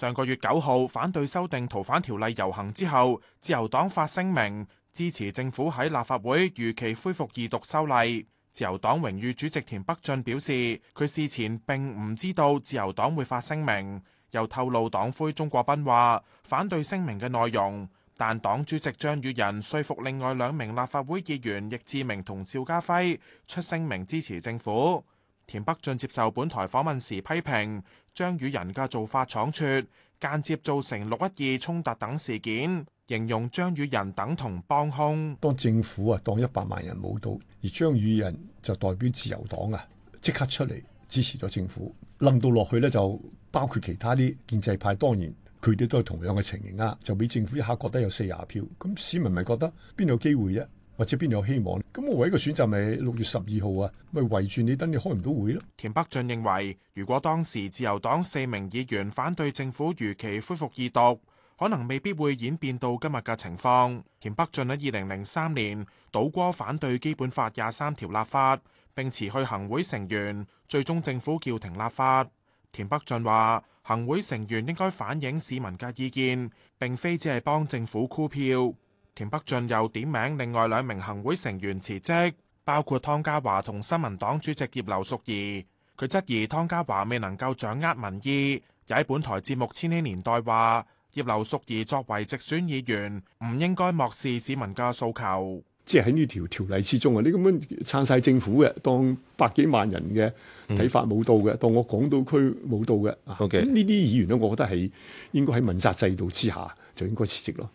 上個月九號反對修訂逃犯條例遊行之後，自由黨發聲明支持政府喺立法會如期恢復二讀修例。自由黨榮譽主席田北俊表示，佢事前並唔知道自由黨會發聲明，又透露黨魁中國賓話反對聲明嘅內容，但黨主席張宇人說服另外兩名立法會議員易志明同邵家輝出聲明支持政府。田北俊接受本台訪問時批評張宇人嘅做法倉促，間接造成六一二衝突等事件，形容張宇人等同幫凶。當政府啊，當一百萬人冇到，而張宇人就代表自由黨啊，即刻出嚟支持咗政府。冧到落去咧，就包括其他啲建制派，當然佢哋都係同樣嘅情形啊。就俾政府一下覺得有四十票，咁市民咪覺得邊有機會啫？或者邊有希望？咁我唯一嘅選擇，咪六月十二號啊，咪圍住你，等你開唔到會咯。田北俊認為，如果當時自由黨四名議員反對政府如期恢復二讀，可能未必會演變到今日嘅情況。田北俊喺二零零三年倒戈反對基本法廿三條立法，並辭去行會成員，最終政府叫停立法。田北俊話：行會成員應該反映市民嘅意見，並非只係幫政府箍票。田北俊又點名另外兩名行會成員辭職，包括湯家驊同新民黨主席葉劉淑儀。佢質疑湯家驊未能夠掌握民意，又喺本台節目《千禧年代》話葉劉淑儀作為直選議員，唔應該漠視市民嘅訴求。即係喺呢條條例之中啊，你咁樣撐晒政府嘅，當百幾萬人嘅睇法冇到嘅，當我港島區冇到嘅。O K 呢啲議員咧，我覺得係應該喺問責制度之下就應該辭職咯。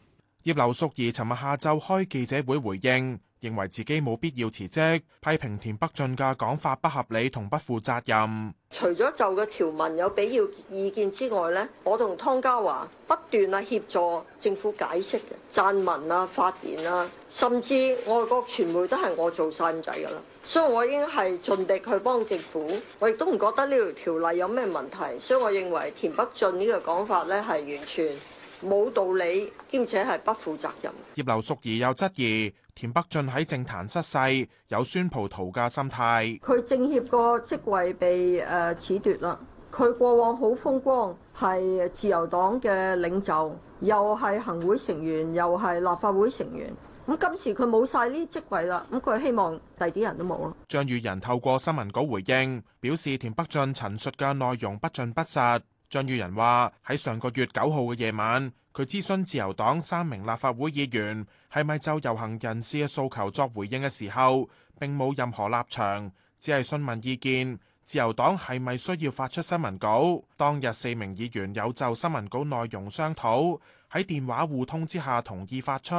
葉劉淑儀尋日下晝開記者會回應，認為自己冇必要辭職，批評田北俊嘅講法不合理同不負責任。除咗就嘅條文有比較意見之外咧，我同湯家驊不斷啊協助政府解釋、撰文啊、發言啦，甚至外國傳媒都係我做晒咁仔噶啦，所以我已經係盡力去幫政府，我亦都唔覺得呢條條例有咩問題，所以我認為田北俊呢個講法咧係完全，冇道理，兼且係不負責任。葉劉淑儀又質疑田北俊喺政壇失勢，有酸葡萄嘅心態，佢政協個職位被誒褫奪啦，佢過往好風光，係自由黨嘅領袖，又係行會成員，又係立法會成員，咁今次佢冇晒呢啲職位啦，咁佢希望第啲人都冇咯。張宇人透過新聞稿回應，表示田北俊陳述嘅內容不盡不實。張宇人話：喺上個月九號嘅夜晚，佢諮詢自由黨三名立法會議員係咪就遊行人士嘅訴求作回應嘅時候，並冇任何立場，只係詢問意見。自由黨係咪需要發出新聞稿？當日四名議員有就新聞稿內容商討，喺電話互通之下同意發出，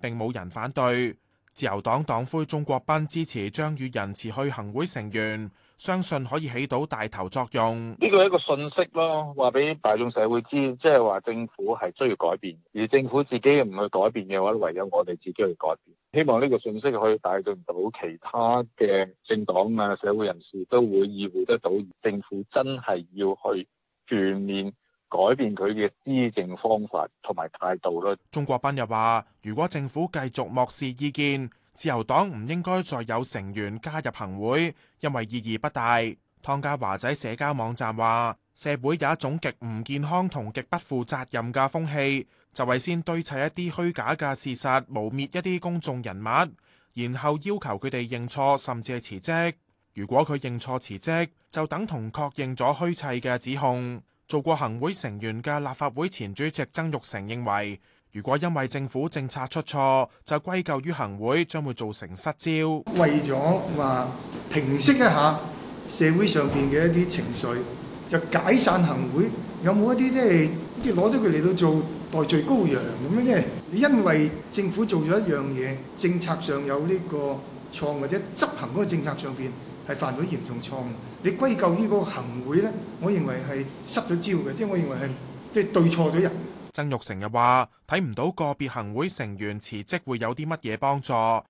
並冇人反對。自由黨黨魁鍾國斌支持張宇人辭去行會成員，相信可以起到帶頭作用。呢個係一個信息咯，話俾大眾社會知，即係話政府係需要改變，而政府自己唔去改變嘅話，唯有我哋自己去改變。希望呢個信息可以帶動到其他嘅政黨啊、社會人士都會意會得到，政府真係要去全面改變佢嘅施政方法同埋態度咯。鍾國斌又話：如果政府繼續漠視意見，自由黨唔應該再有成員加入行會，因為意義不大。湯家驊仔社交網站話：社會有一種極唔健康同極不負責任嘅風氣，就係先堆砌一啲虛假嘅事實，污蔑一啲公眾人物，然後要求佢哋認錯，甚至係辭職。如果佢認錯辭職，就等同確認咗虛砌嘅指控。做過行會成員嘅立法會前主席曾鈺成認為，如果因為政府政策出錯，就歸咎於行會，將會造成失焦。為咗話平息一下社會上邊嘅一啲情緒，就解散行會，有冇一啲即係即係攞咗佢嚟到做代罪羔羊咁咧？即因為政府做咗一樣嘢，政策上有呢個錯，或者執行嗰個政策上邊。係犯咗嚴重錯誤，你歸咎於嗰個行會呢，我認為係失咗招嘅，即係我認為係即係對錯咗人。曾鈺成又話：睇唔到個別行會成員辭職會有啲乜嘢幫助。